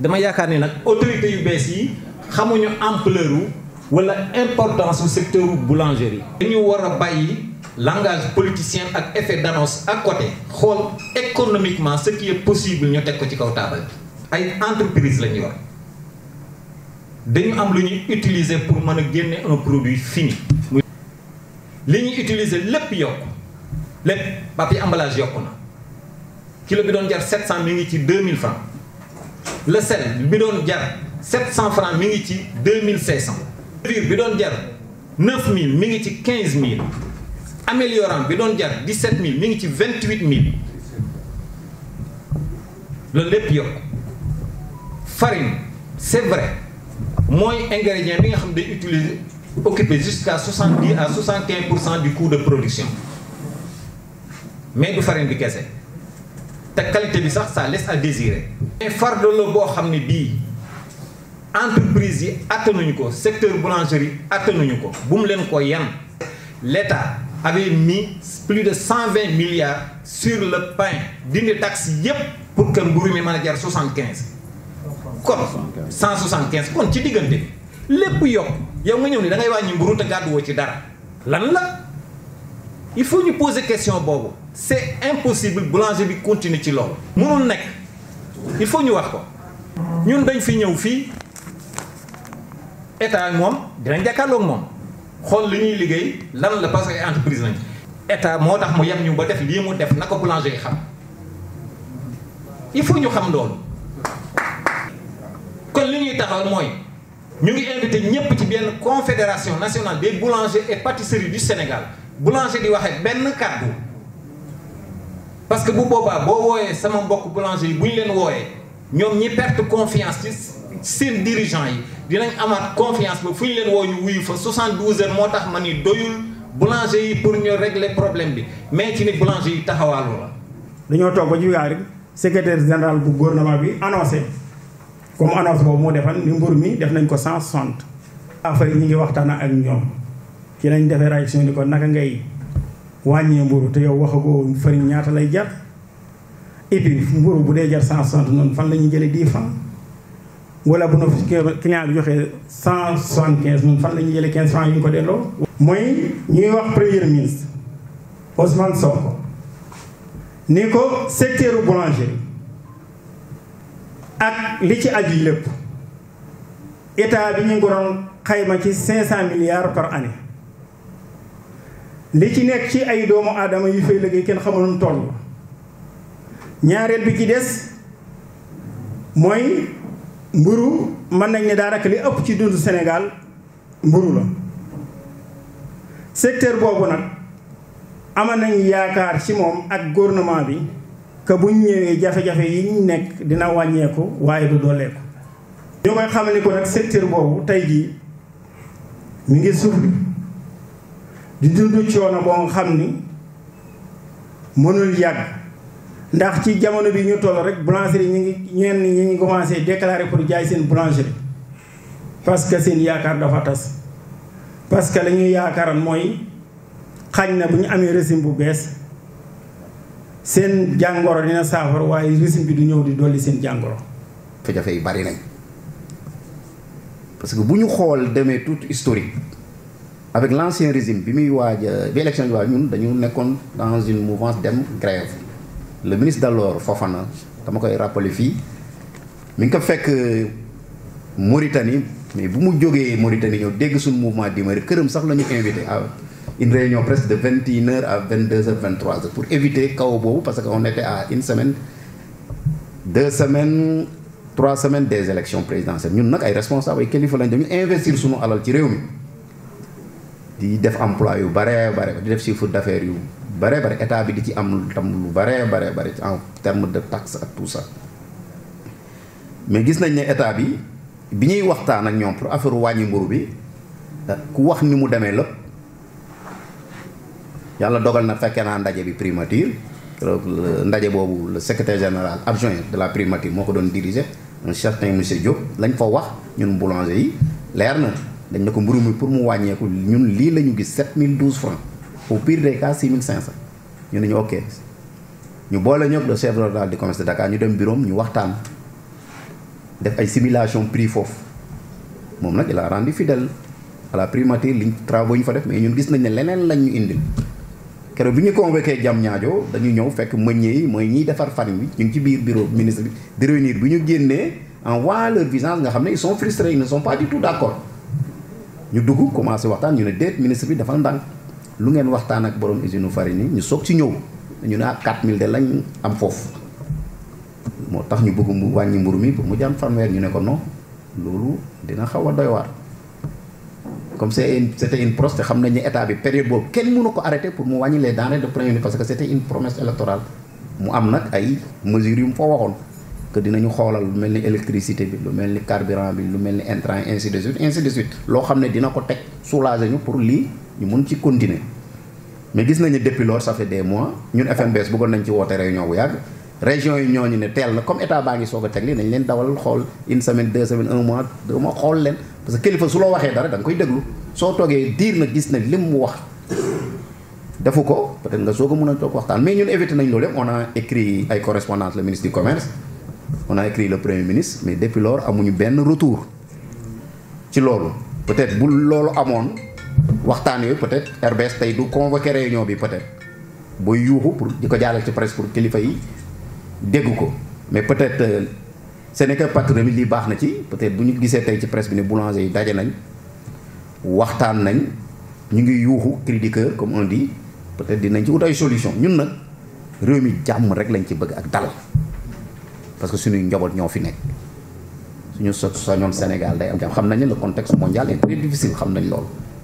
dama yaakaar ni nag autorité yu bees yi xamuñu ampleur wu wala importance bu secteur yi dañu war a bàyyi langage politicien ak effet d'annonce à côté xool économiquement ce qui est possible ñu teg ko ci kaw taabal bi ay entreprise la ñu yor dañu am lu ñuy utiliser pour mën a génne un produit fini. li ñuy utiliser lépp yokk lépp papier emballage yokk na kilo bi doon jar 700 mi ngi ci 2000 francs le sel bi doon jar 700 francs mi ngi ci deux mille 2500. levure bi doon jar 9000 mi ngi ci 15000 améliorant bi doon jar 17000 mi ngi ci 28000 loolu lépp yokk farine c'est vrai mooy ingrédient bi nga xam day utiliser occuper jusqu'à 70 à en pour cent du coût de production mais du farine bi kese. te qualité bi sax ça laisse à désirer. mais fardeau la boo xam ne bii entreprise yi attanuñu ko secteur boulangerie attanuñu ko bu mu leen ko yan. l'État avait mi plus de cent vingt milliards sur le pain dindi taxe yépp pour que mburu mi mën a jar soixante quinze. kon cent soixante kon ci diggante lépp yokk yow nga ñëw ni da ngay wàññi mburu te gàddu woo ci dara lan la. il faut ñu poser question boobu c'est impossible boulanger bi continuer ci loolu mënul nekk il faut ñu wax ko ñun dañ fi ñëw fii état moom dinañ jàkkaarloog moom xool li ñuy liggéey lan la parce que entreprise nañ état moo tax mu yem ñu ba def lii mu def na ko boulanger xam il faut ñu xam loolu kon li ñuy taxawal mooy ñu ngi invité ñëpp ci benn confédération nationale des boulangers et pâtisseries du Sénégal boulanger di waxee benn kàddu parce que bu boobaa boo wooyee sama mbokk boulanger yi bu ñu leen wooyee ñoom ñi perte confiance ci seen dirigeant yi dinañ amaat confiance ba fu ñu leen woo wuyu fa 72 heures moo tax ma ni doyul boulanger yi pour ñu régler problème bi mais ci ni boulanger yi taxawaalu la. dañoo toog ba juyaar rek secrétaire général bu gouvernement bi annoncé comme annonce boobu moo defan ni mburu mi def nañ ko 160. affaire yi ñu ngi waxtaan ci lañ defee réaction ni ko naka ngay wàññee mburu te yow waxagoo farine ñaata lay jar et puis mburu bu dee jar cent soixante noonu fan la ñuy jëlee dix francs wala bu no client bi joxe cent soixante quinze noonu fan la ñuy jëlee quinze francs yu ñu ko delloo. mooy ñuy wax premier ministre Ousmane Sonko ni ko secteur boulangerie ak li ci aju lépp état bi ñu ngi ko doon xayma ci cent milliards par année. li ci nekk ci ay doomu aadama yu fay liggéey kenn xamul nu toll ñaareel bi ci des mooy mburu mën nañ ne daanaka li ëpp ci dundu Sénégal mburu la secteur boobu nag ama nañ yaakaar ci moom ak gouvernement bi que bu ñëwee jafe-jafe yi ñu nekk dina wàññeeku waaye du dooleeku ñu koy xamal ni ko nag secteur boobu tey jii mu ngi suuf di dund coono boo nga xam ni mënul yàgg ndax ci jamono bi ñu toll rek boulangerie ñu ngi ñeen ñi ñu commencé déclarer pour jaay seen boulangerie parce que seen yaakaar dafa tas parce que la ñuy mooy xañ na bu ñu amee régime bu bees seen jàngoro dina saafara waaye régime bi du ñëw di dolli seen jàngoro. jafe-jafe bari nañ parce que bu ñu xool demee tout historique. avec l' ancien régime bi muy waaj euh, bi élection bi waaj ñun dañu nekkoon dans une mouvance dem grève le ministre d'alors Fofana dama koy rappeler fii mu ngi ko fekk euh, Mauritanie mais bu mu jógee Mauritanie ñëw dégg suñu mouvement Dimari këram sax la ñu invité à une réunion presque de vingt et une heures à vingt deux heures vingt trois heures pour éviter kaw boobu parce que on était à une semaine deux semaines trois semaines des élections présidentielles ñun nag ay responsables kilifa lañ dañu investir suñu alal ci réew mi di def emploi yu bare bare di def chiffre d'affaires yu bare bare état bi di ci am tam lu bare bare bare en terme de taxe ak tout ça mais gis nañ ne état bi bi ñuy waxtaan ak ñoom pour affaire wàññi mburu bi ku wax ni mu demee lépp yàlla dogal na fekkee naa ndaje bi primature ndaje boobu le secrétaire général adjoint de la primature moo ko doon diriger un certain Diop lañ fa wax ñun boulanger yi leer na dañ ne ko mburu mi pour mu wàññeeku ñun lii la ñu gis 7012 francs au pire des cas 6500 ñu ne ñu ok ñu boole ñoog le chef rural du commerce de Dakar ñu dem bureau ñu waxtaan def ay simulation prix foofu moom nag il a rendu fidèle à la primature liñ travaux yi ñu fa def mais ñun gis nañ ne leneen lañ ñu indil keroog bi ñu convoqué jam ñaajo dañu ñëw fekk meunier mooy ñiy defar farine bi ñu ngi ci biir bureau ministre bi di réunir bi ñu génnee en voit leur visage nga xam ñu dugg commencé waxtaan ñu ne déet ministre bi dafa ndànk lu ngeen waxtaan ak borom usine farine yi ñu soog ci ñëw ñu ne ah 4000 de lañ am foofu moo tax ñu bëgg mu wàññi mburu mi pour mu jàmm fanweer ñu ne ko non loolu dina xaw a doy waar comme c'est une c'était une promesse te xam nañ ne état bi période boobu kenn mënu ko arrêté pour mu wàññi les denrées de première parce que c'était une promesse électorale mu am nag ay mesures yu mu fa waxoon que dinañu xoolal lu mel ni électricité bi lu mel ni carburant bi lu mel ni intrant ainsi de suite ainsi de suite loo xam ne dina ko teg soulager ñu pour lii ñu mun ci continuer mais gis nañu depuis lors ça fait des mois ñun FNBS bëggoon nañ ci woote réunion bu yàgg région yi ñooñu ne teel na comme état baa ngi soog a teg lii nañ leen dawal xool une semaine deux semaines un mois deux mois xool leen parce que kilifa su loo waxee dara da nga koy déglu soo toogee diir na gis na lim mu wax defu ko peut-être nga soog a mën a toog waxtaan mais ñun éviter nañ loolu yëpp on a écrit ay correspondance le ministre du commerce on a écrit le premier ministre mais depuis lors amuñu benn retour ci loolu peut-être bu loolu amoon waxtaan yooyu peut-être RBS tey du convoqué réunion bi peut-être booy yuuxu pour di ko jàllal ci presse kilifa yi dégg ko mais peut-être euh, Sénégal patriote lii baax na ci peut-être bu ñu gisee tey ci presse bi ne boulanger yi daje nañ waxtaan nañ ñu ngi yuuxu crédit comme on dit peut-être dinañ ci wut ay solution ñun na réew mi jàmm rek lañ ci bëgg ak dal parce que suñuy njaboot ñoo fi nekk suñu so sañoon Sénégal day am jàmm xam na ne le contexte mondial est très difficile xam nañ loolu